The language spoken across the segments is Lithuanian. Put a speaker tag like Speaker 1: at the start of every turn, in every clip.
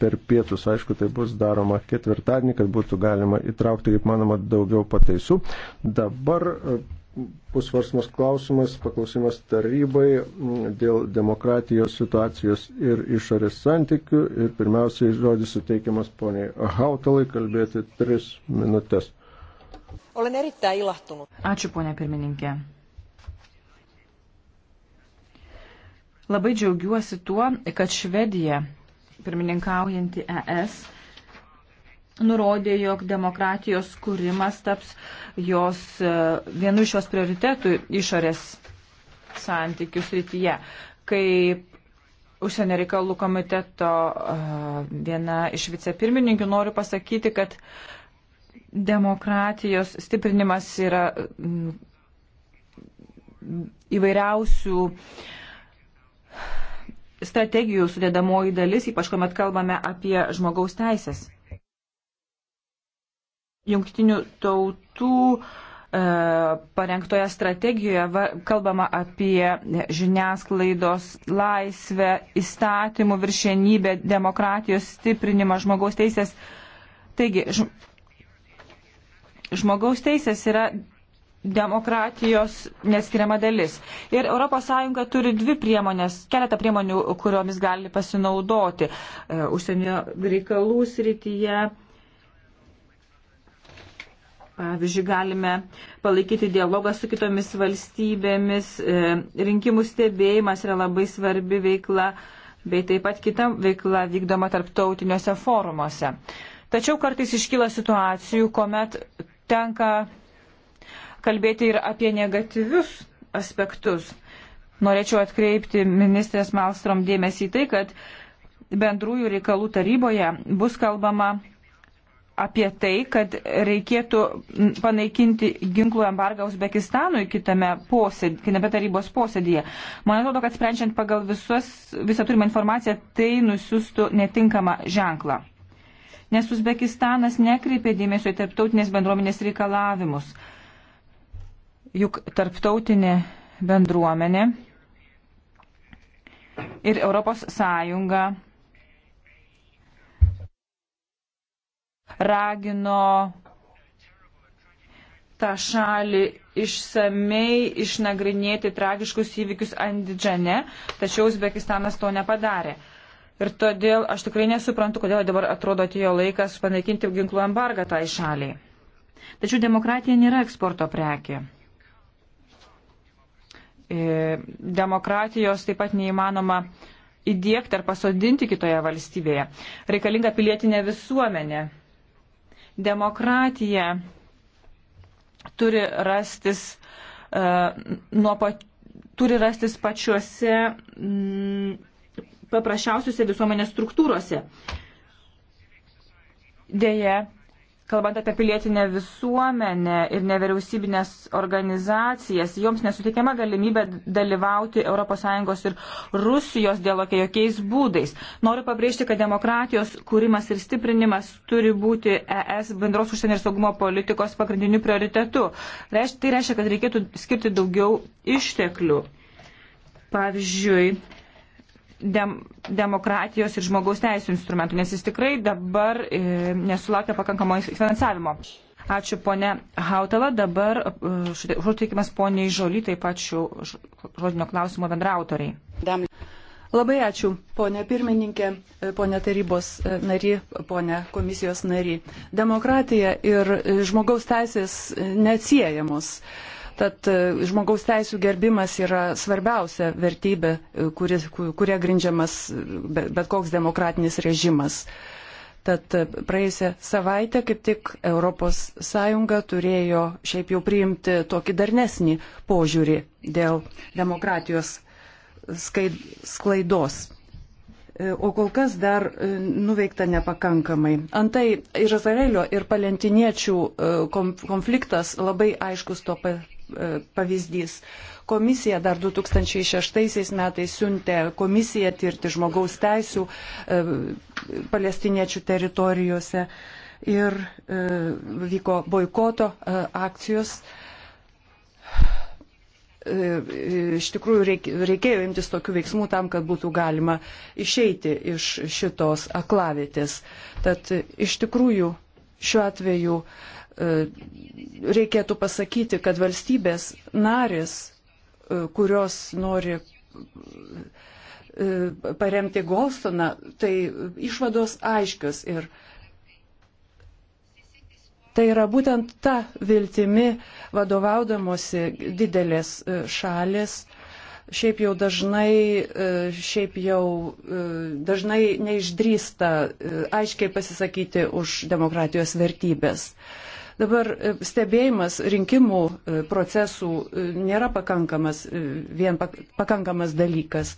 Speaker 1: per pietus. Aišku, tai bus daroma ketvirtadienį, kad būtų galima įtraukti, kaip manoma, daugiau pataisų. Dabar e, bus svarsmas klausimas, paklausimas tarybai dėl demokratijos situacijos ir išorės santykių. Ir pirmiausiai žodis suteikiamas poniai Hautalai kalbėti tris minutės.
Speaker 2: Olen erittäin ilahtunut. Ačiū, ponia pirmininkė. Labai džiaugiuosi tuo, kad Švedija pirmininkaujanti ES nurodė, jog demokratijos kūrimas taps jos e, vienu iš jos prioritetų išorės santykių srityje. Kaip užsienio reikalų komiteto e, viena iš vicepirmininkių noriu pasakyti, kad demokratijos stiprinimas yra įvairiausių uh, strategijų sudėdamoji dalis, ypač kuomet kalbame apie žmogaus teisės. Jungtinių tautų e, parengtoje strategijoje va, kalbama apie žiniasklaidos laisvę, įstatymų viršenybę, demokratijos stiprinimą, žmogaus teisės. Taigi, žmogaus teisės yra demokratijos neskiriama dalis. Ir ES turi dvi priemonės, keletą priemonių, kuriomis gali pasinaudoti e, užsienio reikalų srityje. Pavyzdžiui, galime palaikyti dialogą su kitomis valstybėmis, e, rinkimų stebėjimas yra labai svarbi veikla, bei taip pat kita veikla vykdoma tarptautiniuose forumuose. Tačiau kartais iškyla situacijų, kuomet tenka kalbėti ir apie negatyvius aspektus. Norėčiau atkreipti ministrės Malstrom dėmesį į tai, kad bendrųjų reikalų taryboje bus kalbama apie tai, kad reikėtų panaikinti ginklų embargą Uzbekistanui kitame, posėd, kitame tarybos posėdėje. Man atrodo, kad sprendžiant pagal visus, visą turimą informaciją, tai nusiųstų netinkamą ženklą. Nes Uzbekistanas nekreipė dėmesio į tarptautinės bendruomenės reikalavimus. Juk tarptautinė bendruomenė ir Europos Sąjunga ragino tą šalį išsamei išnagrinėti tragiškus įvykius Andidžane, tačiau Uzbekistanas to nepadarė. Ir todėl aš tikrai nesuprantu, kodėl dabar atrodo atėjo laikas panaikinti ginklų embargą tai šaliai. Tačiau demokratija nėra eksporto prekė. E, demokratijos taip pat neįmanoma įdėkti ar pasodinti kitoje valstybėje. Reikalinga pilietinė visuomenė. Demokratija turi rastis, uh, nuo, pat, turi rastis pačiuose mm, paprasčiausiuose visuomenės struktūrose. Deja, kalbant apie pilietinę visuomenę ir nevyriausybinės organizacijas, joms nesuteikiama galimybė dalyvauti ES ir Rusijos dialogė jokiais būdais. Noriu pabrėžti, kad demokratijos kūrimas ir stiprinimas turi būti ES bendros užsienio ir saugumo politikos pagrindiniu prioritetu. Tai reiškia, kad reikėtų skirti daugiau išteklių. Pavyzdžiui, dem, demokratijos ir žmogaus teisų instrumentų, nes jis tikrai dabar e, nesulaukia pakankamo finansavimo. Ačiū ponė Hautala, dabar e, žodžiuotikimas poniai Žoly, taip pat šių žodinio klausimo
Speaker 3: bendrautoriai. Labai ačiū, ponė pirmininkė, e, ponė tarybos e, nari, ponė komisijos nari. Demokratija ir žmogaus teisės neatsiejamos. Uh, Tad e, žmogaus teisų gerbimas yra svarbiausia vertybė, e, kuris, kuria grindžiamas e, bet koks demokratinis režimas. Tad praėjusią savaitę kaip tik ES turėjo šiaip jau priimti tokį darnesnį požiūrį dėl demokratijos skaid, sklaidos o kol kas dar nuveikta nepakankamai. Antai Izraelio ir palentiniečių konfliktas labai aiškus to E, pavyzdys. Komisija dar 2006 metais siuntė komisiją tirti žmogaus teisų e, palestiniečių teritorijose ir e, vyko boikoto akcijos iš tikrųjų reikėjo imtis tokių veiksmų tam, kad būtų galima išeiti iš šitos aklavitės. Tad iš tikrųjų šiuo atveju E, reikėtų pasakyti, kad valstybės narės, e, kurios nori e, paremti Golstoną, tai išvados aiškios ir tai yra būtent ta viltimi vadovaudamosi didelės šalės. Šiaip jau dažnai, šiaip jau dažnai neišdrįsta aiškiai pasisakyti už demokratijos vertybės. Dabar e, stebėjimas rinkimų e, procesų e, nėra pakankamas, vien pakankamas dalykas.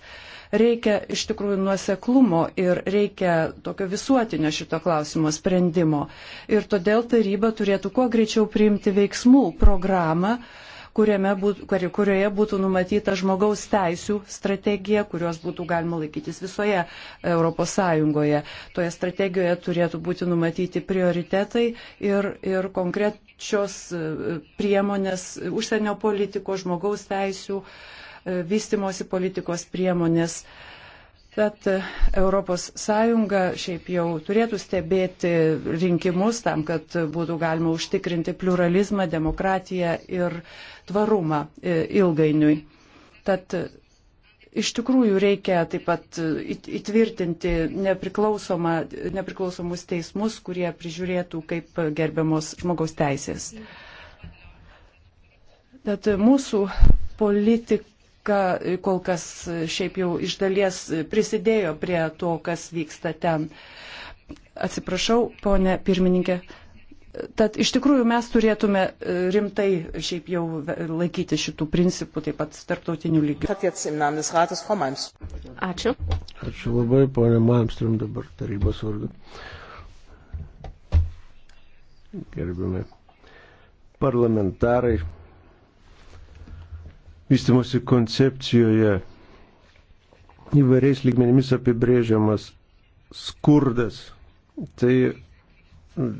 Speaker 3: Reikia iš tikrųjų nuoseklumo ir reikia tokio visuotinio šito klausimo sprendimo. Ir todėl taryba turėtų kuo greičiau priimti veiksmų programą, uh, būt, kurioje būtų numatyta žmogaus teisų strategija, kurios būtų galima laikytis visoje ES. Toje strategijoje turėtų būti numatyti prioritetai ir, ir konkrečios e, priemonės užsienio politikos, žmogaus teisų, e, vystimosi politikos priemonės. Uh, kad ES šiaip jau turėtų stebėti rinkimus tam, kad būtų galima užtikrinti pluralizmą, demokratiją ir tvarumą e, ilgainiui. Tad e, iš tikrųjų reikia taip pat e, įtvirtinti nepriklausomus teismus, kurie prižiūrėtų, kaip gerbiamos žmogaus teisės. Tad mūsų politik, ka, kol kas šiaip jau iš dalies prisidėjo prie to, kas vyksta ten. Atsiprašau, ponė pirmininkė. Tad iš tikrųjų mes turėtume e, rimtai šiaip jau laikyti šitų principų taip pat tarptautinių lygių.
Speaker 4: Ačiū.
Speaker 1: Ačiū labai, ponė Malmström dabar tarybos vardu. Gerbime parlamentarai vystimosi koncepcijoje įvairiais lygmenimis apibrėžiamas skurdas. Tai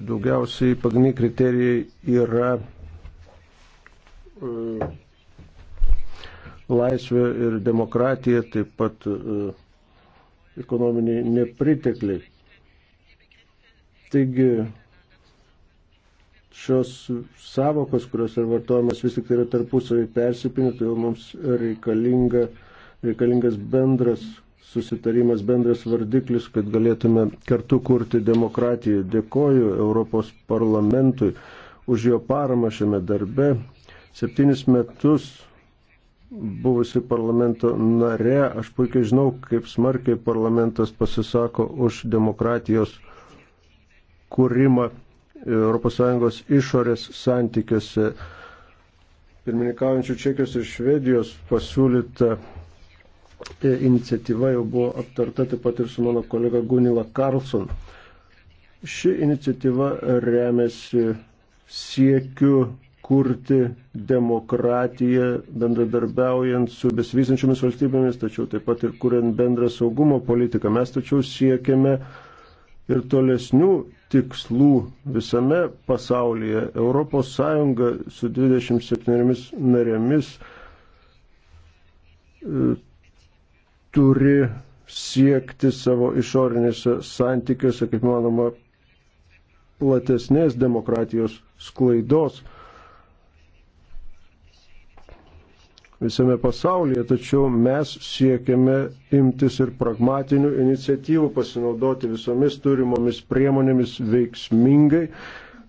Speaker 1: daugiausiai pagrindiniai kriterijai yra e, laisvė ir demokratija, taip pat e, ekonominiai nepritekliai. Taigi šios savokos, kurios yra vartojamas, vis tik tai yra tarpusavį persipinę, todėl tai mums reikalinga, reikalingas bendras susitarimas, bendras vardiklis, kad galėtume kartu kurti demokratiją. Dėkoju Europos parlamentui už jo paramą šiame darbe. Septynis metus buvusi parlamento nare, aš puikiai žinau, kaip smarkiai parlamentas pasisako už demokratijos kūrimą ES išorės santykiuose. Pirmininkaujančių Čekijos ir Švedijos pasiūlyta e, iniciatyva jau buvo aptarta taip pat ir su mano kolega Gunila Karlson. Ši iniciatyva remiasi siekiu kurti demokratiją, bendradarbiaujant su besivysančiomis valstybėmis, tačiau taip pat ir kuriant bendrą saugumo politiką. Mes tačiau siekiame ir tolesnių tikslų visame pasaulyje. ES su 27 narėmis e, turi siekti savo išorinėse santykiuose, kaip manoma, platesnės demokratijos sklaidos. visame pasaulyje, tačiau mes siekiame imtis ir pragmatinių iniciatyvų, pasinaudoti visomis turimomis priemonėmis veiksmingai,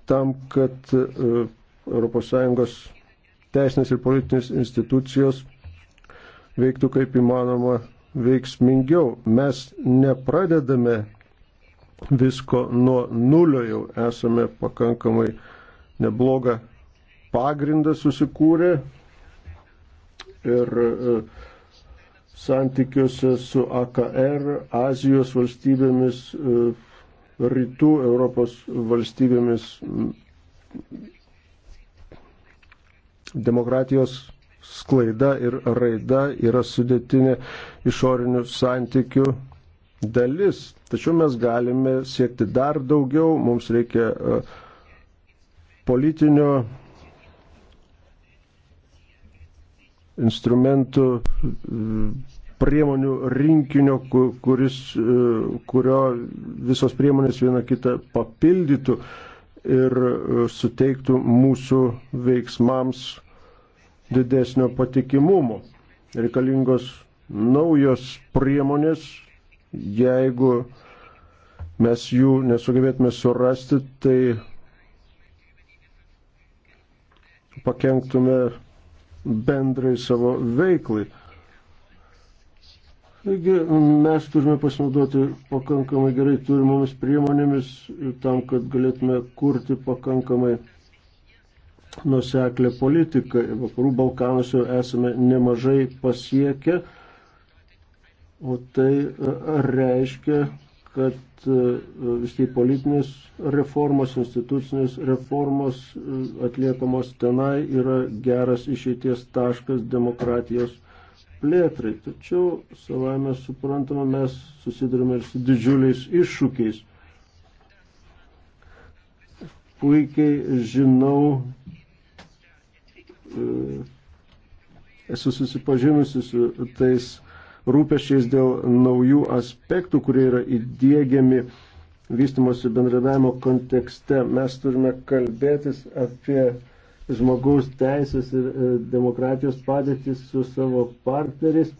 Speaker 1: tam, kad ES teisinės ir politinės institucijos veiktų kaip įmanoma veiksmingiau. Mes nepradedame visko nuo nulio, jau esame pakankamai neblogą pagrindą susikūrę, ir e, santykiuose su AKR, Azijos valstybėmis, e, rytų Europos valstybėmis, demokratijos sklaida ir raida yra sudėtinė išorinių santykių dalis. Tačiau mes galime siekti dar daugiau, mums reikia e, politinio instrumentų priemonių rinkinio, kuris, e, kurio visos priemonės viena kitą papildytų ir e, suteiktų mūsų veiksmams didesnio patikimumo. Reikalingos naujos priemonės, jeigu mes jų nesugebėtume surasti, tai pakenktume bendrai savo veiklai. Taigi mes turime pasinaudoti pakankamai gerai turimomis priemonėmis tam, kad galėtume kurti pakankamai nuseklę politiką. Vakarų Balkanus jau esame nemažai pasiekę, o tai reiškia, kad e, vis tai politinės reformos, institucinės reformos e, atliekamos tenai yra geras išeities taškas demokratijos plėtrai. Tačiau savame suprantama, mes susidurime ir su didžiuliais iššūkiais. Puikiai žinau, e, esu susipažinusi su tais rūpešiais dėl naujų aspektų, kurie yra įdėgiami vystimosi bendradavimo kontekste. Mes turime kalbėtis apie žmogaus teisės ir e, demokratijos padėtis su savo partneriais e,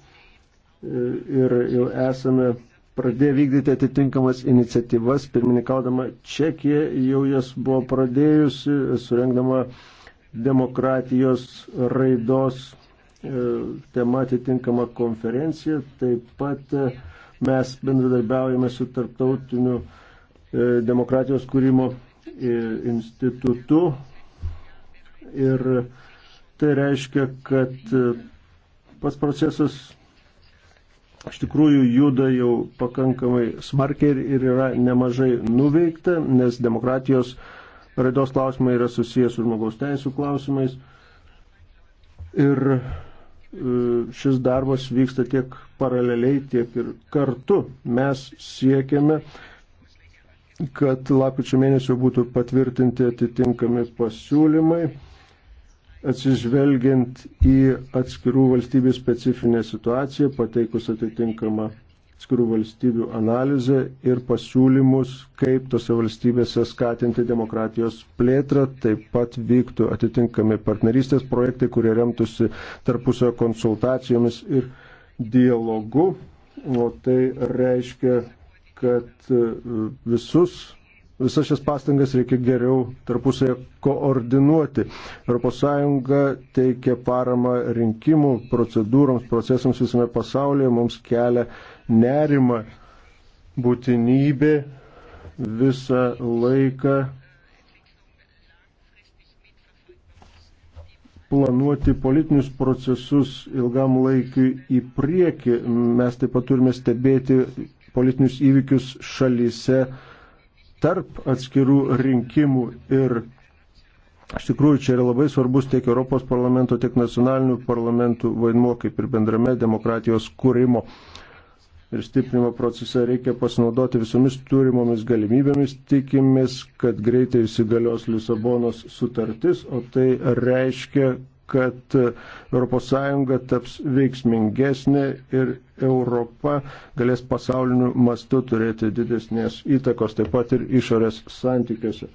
Speaker 1: ir jau esame pradėję vykdyti atitinkamas iniciatyvas, pirmininkaudama Čekija jau jas buvo pradėjusi, surengdama demokratijos raidos E, tema atitinkama konferencija. Taip pat e, mes bendradarbiaujame su tarptautiniu e, demokratijos kūrimo institutu. Ir tai reiškia, kad pats procesas iš tikrųjų juda jau pakankamai smarkiai ir yra nemažai nuveikta, nes demokratijos raidos klausimai yra susijęs su žmogaus teisų klausimais. Ir šis darbas vyksta tiek paraleliai, tiek ir kartu. Mes siekiame, kad lapkričio mėnesio būtų patvirtinti atitinkami pasiūlymai, atsižvelgiant į atskirų valstybių specifinę situaciją, pateikus atitinkamą skirų valstybių analizę ir pasiūlymus, kaip tose valstybėse skatinti demokratijos plėtrą, taip pat vyktų atitinkami partnerystės projektai, kurie remtųsi tarpusio konsultacijomis ir dialogu. O tai reiškia, kad e, visus visas šias pastangas reikia geriau tarpusąje koordinuoti. ES teikia paramą rinkimų procedūroms, procesams visame pasaulyje, mums kelia nerima būtinybė visą laiką planuoti politinius procesus ilgam laikui į priekį. Mes taip pat turime stebėti politinius įvykius šalyse, tarp atskirų rinkimų ir iš tikrųjų čia yra labai svarbus tiek Europos parlamento, tiek nacionalinių parlamentų vaidmuo, kaip ir bendrame demokratijos kūrimo ir stiprinimo procese reikia pasinaudoti visomis turimomis galimybėmis, tikimės, kad greitai įsigalios Lisabonos sutartis, o tai reiškia, kad ES taps veiksmingesnė ir Europa galės pasauliniu mastu turėti didesnės įtakos, taip pat ir išorės santykiuose.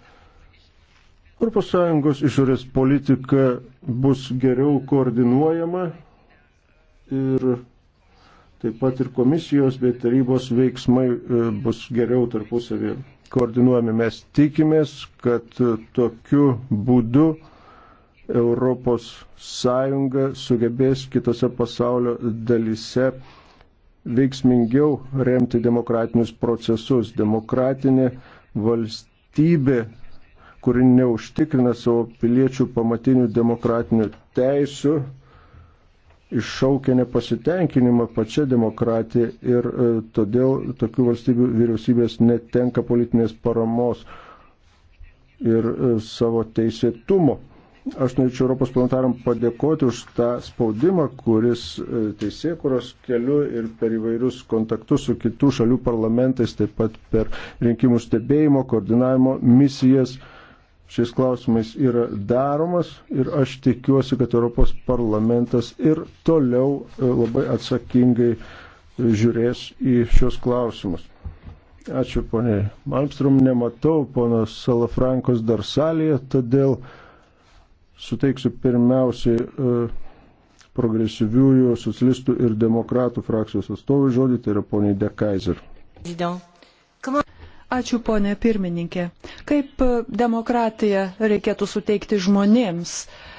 Speaker 1: ES išorės politika bus geriau koordinuojama ir taip pat ir komisijos bei tarybos veiksmai e, bus geriau tarpusavį koordinuojami. Mes tikimės, kad e, tokiu būdu Europos Sąjunga sugebės kitose pasaulio dalise veiksmingiau remti demokratinius procesus. Demokratinė valstybė, kuri neužtikrina savo piliečių pamatinių demokratinių teisų, iššaukia nepasitenkinimą pačia demokratija ir e, todėl tokių valstybių vyriausybės netenka politinės paramos ir e, savo teisėtumo. Aš norėčiau Europos parlamentaram padėkoti už tą spaudimą, kuris e, teisėkuros keliu ir per įvairius kontaktus su kitų šalių parlamentais, taip pat per rinkimų stebėjimo, koordinavimo misijas šiais klausimais yra daromas ir aš tikiuosi, kad Europos parlamentas ir toliau e, labai atsakingai e, žiūrės į šios klausimus. Ačiū ponė Malmstrom, nematau ponos Salafrankos dar salėje, todėl suteiksiu pirmiausiai e, progresyviųjų socialistų ir demokratų frakcijos atstovų žodį, tai yra poniai De Kaiser.
Speaker 3: Ačiū, ponė pirmininkė. Kaip e, demokratiją reikėtų suteikti žmonėms? Uh,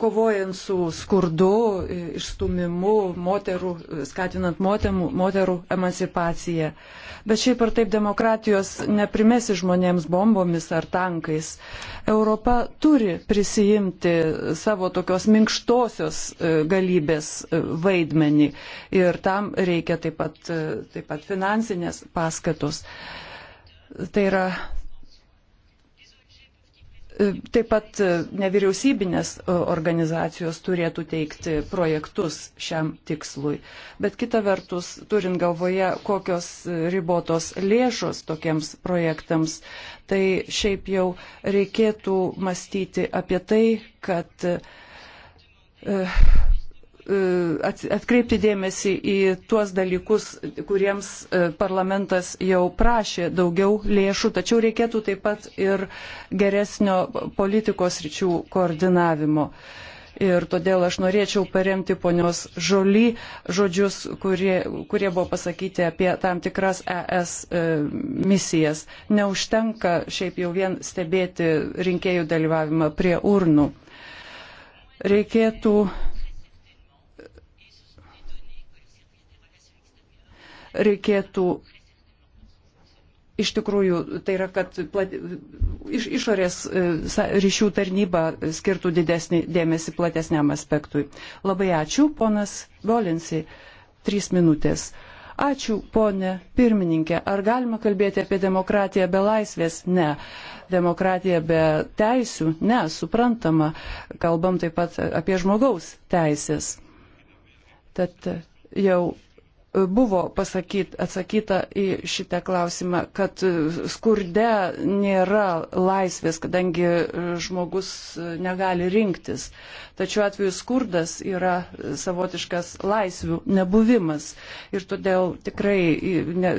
Speaker 3: kovojant su skurdu, išstumimu, moterų, skatinant moterų, moterų emancipaciją. Bet šiaip ar taip demokratijos neprimesi žmonėms bombomis ar tankais. Europa turi prisijimti savo tokios minkštosios e, galybės e, vaidmenį ir tam reikia taip pat, e, taip pat finansinės paskatos. Tai yra E, taip pat e, nevyriausybinės e, organizacijos turėtų teikti projektus šiam tikslui. Bet kita vertus, turint galvoje, kokios ribotos lėšos tokiems projektams, tai šiaip jau reikėtų mąstyti apie tai, kad E, atkreipti dėmesį į tuos dalykus, kuriems e, parlamentas jau prašė daugiau lėšų, tačiau reikėtų taip pat ir geresnio politikos ryčių koordinavimo. Ir todėl aš norėčiau paremti ponios Žoly žodžius, kurie, kurie buvo pasakyti apie tam tikras ES e, misijas. Neužtenka šiaip jau vien stebėti rinkėjų dalyvavimą prie urnų. Reikėtų reikėtų iš tikrųjų, tai yra, kad plat, iš, išorės e, ryšių tarnyba skirtų didesnį dėmesį platesniam aspektui. Labai ačiū, ponas Volinsi, trys minutės. Ačiū, ponė pirmininkė. Ar galima kalbėti apie demokratiją be laisvės? Ne. Demokratija be teisių? Ne, suprantama. Kalbam taip pat apie žmogaus teisės. Tad jau buvo pasakyt, atsakyta į šitą klausimą, kad skurde nėra laisvės, kadangi žmogus negali rinktis. Tačiau atveju skurdas yra savotiškas laisvių nebuvimas. Ir todėl tikrai ne,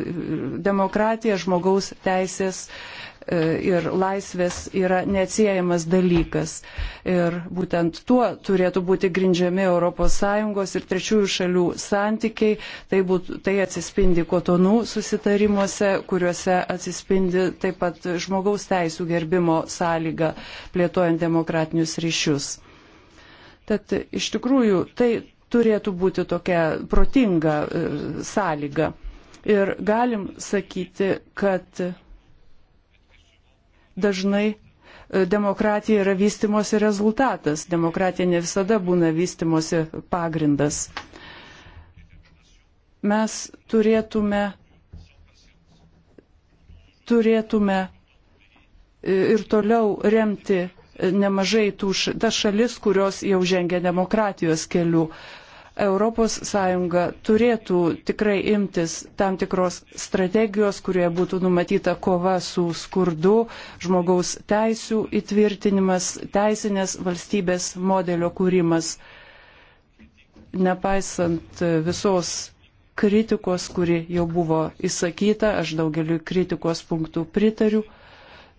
Speaker 3: demokratija, žmogaus teisės E, ir laisvės yra neatsiejamas dalykas. Ir būtent tuo turėtų būti grindžiami ES ir trečiųjų šalių santykiai. Tai, būt, tai atsispindi kotonų susitarimuose, kuriuose atsispindi taip pat žmogaus teisų gerbimo sąlyga plėtojant demokratinius ryšius. Tad iš tikrųjų tai turėtų būti tokia protinga e, sąlyga. Ir galim sakyti, kad dažnai e, demokratija yra vystimosi rezultatas, demokratija ne visada būna vystimosi pagrindas. Mes turėtume, turėtume e, ir toliau remti e, nemažai tų, tas šalis, kurios jau žengia demokratijos keliu. ES turėtų tikrai imtis tam tikros strategijos, kurioje būtų numatyta kova su skurdu, žmogaus teisų įtvirtinimas, teisinės valstybės modelio kūrimas. Nepaisant visos kritikos, kuri jau buvo įsakyta, aš daugeliu kritikos punktų pritariu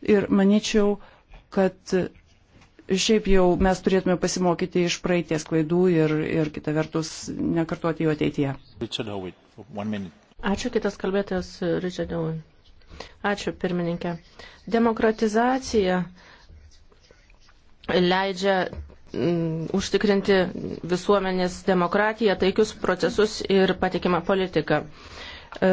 Speaker 3: ir manyčiau, kad šiaip jau mes turėtume pasimokyti iš praeities klaidų ir, ir kitą vertus nekartuoti jų ateityje.
Speaker 4: Ačiū kitas kalbėtojas Richard Owen. Ačiū pirmininkė. Demokratizacija leidžia mm, užtikrinti visuomenės demokratiją, taikius procesus ir patikimą politiką e,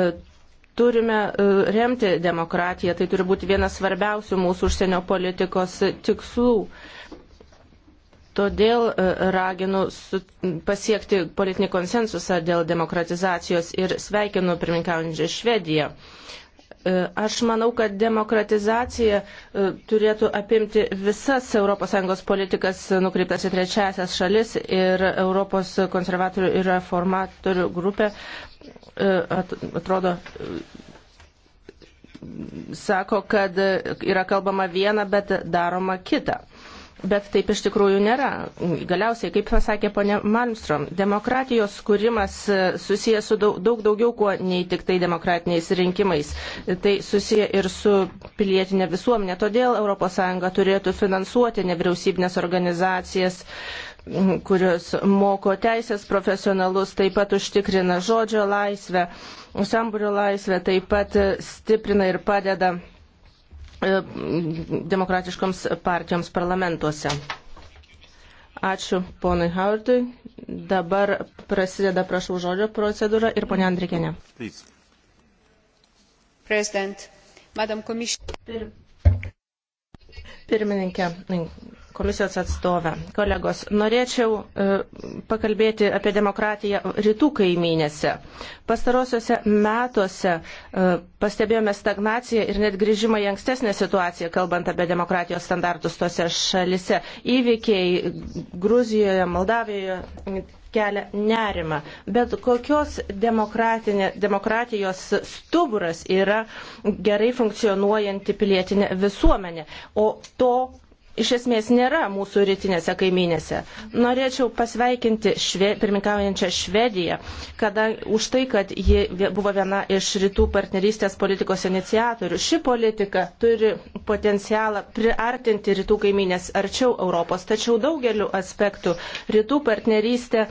Speaker 4: turime e, remti demokratiją, tai turi būti vienas svarbiausių mūsų užsienio politikos tikslų. Todėl e, raginu pasiekti politinį konsensusą dėl demokratizacijos ir sveikinu pirmininkaujančią Švediją. E, aš manau, kad demokratizacija e, turėtų apimti visas ES politikas nukreiptas į trečiasias šalis ir Europos konservatorių ir reformatorių grupė atrodo sako, kad yra kalbama viena, bet daroma kita. Bet taip iš tikrųjų nėra. Galiausiai, kaip pasakė ponė Malmstrom, demokratijos skūrimas e, susijęs su daug, daug daugiau kuo nei tik tai demokratiniais rinkimais. Tai susiję ir su pilietinė visuomenė. Todėl ES turėtų finansuoti nevyriausybinės organizacijas kurios moko teisės profesionalus, taip pat užtikrina žodžio laisvę, sambūrio laisvę, taip pat stiprina ir padeda E, demokratiškoms partijoms parlamentuose. Ačiū ponui Howardui. Dabar prasideda prašau žodžio procedūra ir ponia Andrikinė. Pirmininkė, komisijos atstovę. Kolegos, norėčiau e, pakalbėti apie demokratiją rytų kaimynėse. Pastarosiuose metuose e, pastebėjome stagnaciją ir net grįžimą į ankstesnę situaciją, kalbant apie demokratijos standartus tose šalise. Įvykiai Gruzijoje, Moldavijoje kelia nerima. Bet kokios demokratijos stuburas yra gerai funkcionuojanti pilietinė visuomenė. O to iš esmės nėra mūsų rytinėse kaiminėse. Norėčiau pasveikinti šve, pirmikaujančią Švediją kada, už tai, kad ji buvo viena iš rytų partnerystės politikos iniciatorių. Ši politika turi potencialą priartinti rytų kaiminės arčiau Europos, tačiau daugeliu aspektų rytų partnerystė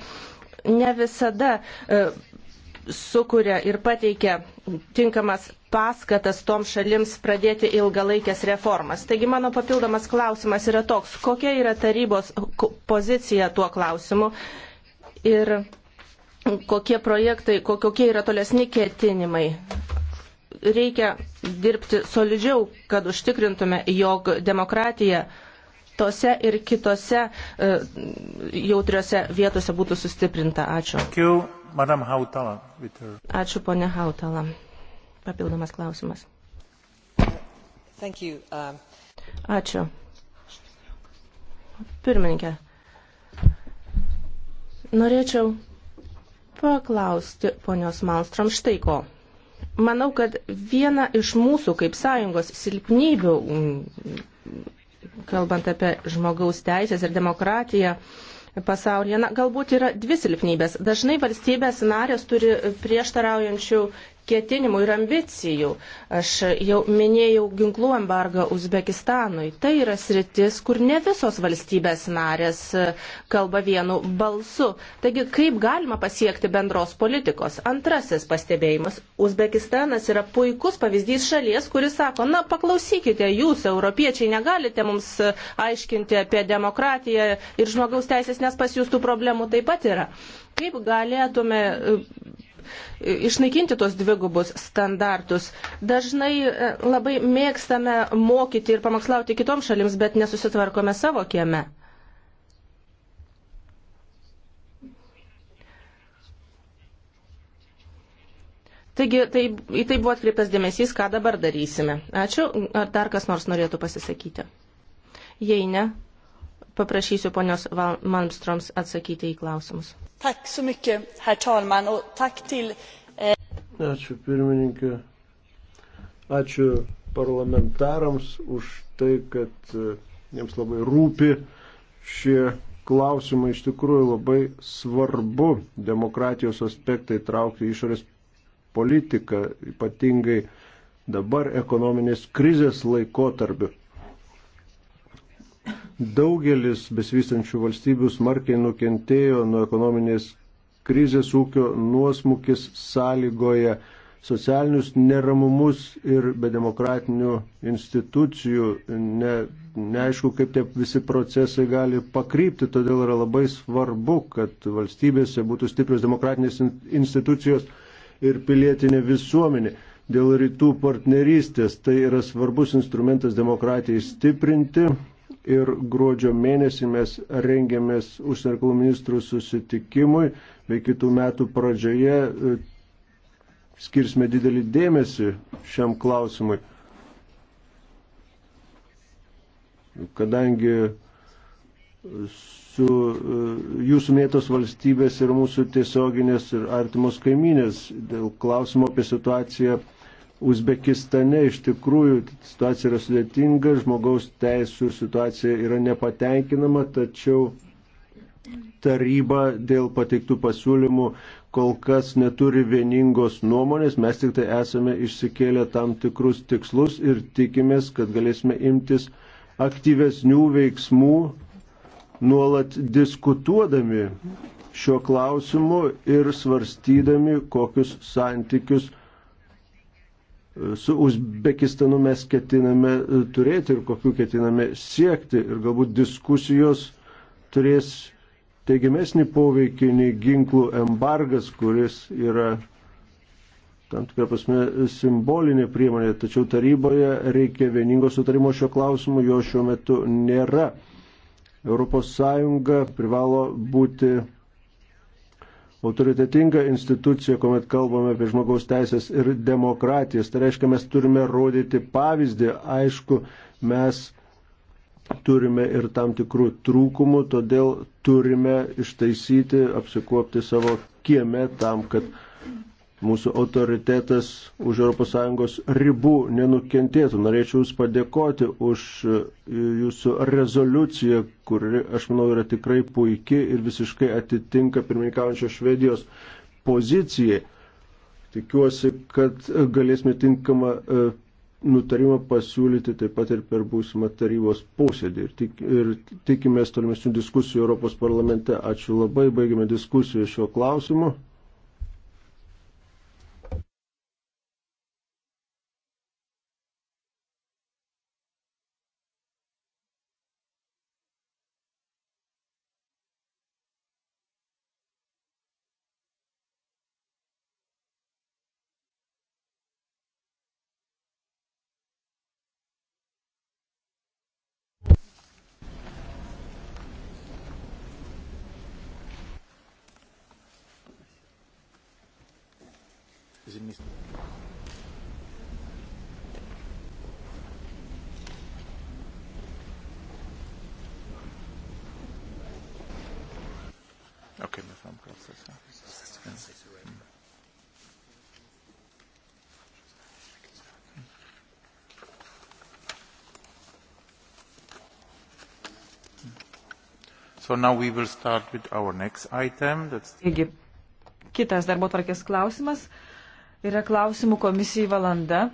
Speaker 4: ne visada. E, sukuria ir pateikia tinkamas paskatas toms šalims pradėti ilgalaikės reformas. Taigi mano papildomas klausimas yra toks, kokia yra tarybos pozicija tuo klausimu ir kokie projektai, kokie yra tolesni ketinimai. Reikia dirbti solidžiau, kad užtikrintume, jog demokratija tose ir kitose e, jautriose vietose būtų sustiprinta. Ačiū. Ačiū.
Speaker 1: Madam Hautala.
Speaker 4: Ačiū, ponė Hautala. Papildomas klausimas.
Speaker 2: Thank you. Uh...
Speaker 4: Ačiū. Pirmininkė. Norėčiau paklausti ponios Malstrom štai ko. Manau, kad viena iš mūsų kaip sąjungos silpnybių, kalbant apie žmogaus teisės ir demokratiją, uh, pasaulyje. Na, galbūt yra dvi silpnybės. Dažnai valstybės narės turi prieštaraujančių ketinimų ir ambicijų. Aš jau minėjau ginklų embargą Uzbekistanui. Tai yra sritis, kur ne visos valstybės narės e, kalba vienu balsu. Taigi, kaip galima pasiekti bendros politikos? Antrasis pastebėjimas. Uzbekistanas yra puikus pavyzdys šalies, kuris sako, na paklausykite, jūs, europiečiai, negalite mums e, aiškinti apie demokratiją ir žmogaus teisės, nes pas jūs tų problemų taip pat yra. Kaip galėtume e, išnaikinti tos dvigubus standartus. Dažnai e, labai mėgstame mokyti ir pamokslauti kitoms šalims, bet nesusitvarkome savo kieme. Taigi tai, į tai buvo atkreiptas dėmesys, ką dabar darysime. Ačiū. Ar dar kas nors norėtų pasisakyti? Jei ne, Paprašysiu ponios Malmstroms atsakyti į klausimus.
Speaker 3: Eh,
Speaker 1: Ačiū pirmininkė. Ačiū parlamentarams už tai, kad eh, jiems labai rūpi šie klausimai. Iš tikrųjų labai svarbu demokratijos aspektai traukti išorės politiką, ypatingai dabar ekonominės krizės laikotarpiu. Daugelis besivystančių valstybių smarkiai nukentėjo nuo ekonominės krizės ūkio nuosmukis sąlygoje socialinius neramumus ir be demokratinių institucijų. Ne, neaišku, kaip tie visi procesai gali pakrypti, todėl yra labai svarbu, kad valstybėse būtų stiprios demokratinės institucijos ir pilietinė visuomenė. Dėl rytų partnerystės tai yra svarbus instrumentas demokratijai stiprinti, ir gruodžio mėnesį mes rengiamės užsienio reikalų ministrų susitikimui, bei kitų metų pradžioje e, skirsime didelį dėmesį šiam klausimui. Kadangi su e, jūsų mėtos valstybės ir mūsų tiesioginės ir artimos kaiminės dėl klausimo apie situaciją Uzbekistane iš tikrųjų situacija yra sudėtinga, žmogaus teisų situacija yra nepatenkinama, tačiau taryba dėl pateiktų pasiūlymų kol kas neturi vieningos nuomonės, mes tik tai esame išsikėlę tam tikrus tikslus ir tikimės, kad galėsime imtis aktyvesnių veiksmų, nuolat diskutuodami šiuo klausimu ir svarstydami, kokius santykius su Uzbekistanu mes ketiname e, turėti ir kokiu ketiname siekti. Ir galbūt diskusijos turės teigiamesnį poveikį nei ginklų embargas, kuris yra tam tikrą prasme simbolinė priemonė, tačiau taryboje reikia vieningo sutarimo šio klausimu, jo šiuo metu nėra. ES privalo būti autoritetinga institucija, kuomet kalbame apie žmogaus teisės ir demokratijas. Tai reiškia, mes turime rodyti pavyzdį. Aišku, mes turime ir tam tikrų trūkumų, todėl turime ištaisyti, apsikuopti savo kieme tam, kad mūsų autoritetas už ES ribų nenukentėtų. Norėčiau Jūs padėkoti už e, Jūsų rezoliuciją, kuri, aš manau, yra tikrai puikia ir visiškai atitinka pirmininkaujančios Švedijos pozicijai. Tikiuosi, kad galėsime tinkamą e, nutarimą pasiūlyti taip pat ir per būsimą tarybos posėdį. Ir, tik, ir tikimės tolimesnių diskusijų Europos parlamente. Ačiū labai, baigime diskusiją šiuo klausimu. is a mistake. Okay, no problem.
Speaker 3: So now we will start with our next item. That's... Taigi,
Speaker 2: kitas darbo tvarkės klausimas yra klausimų komisijai valanda.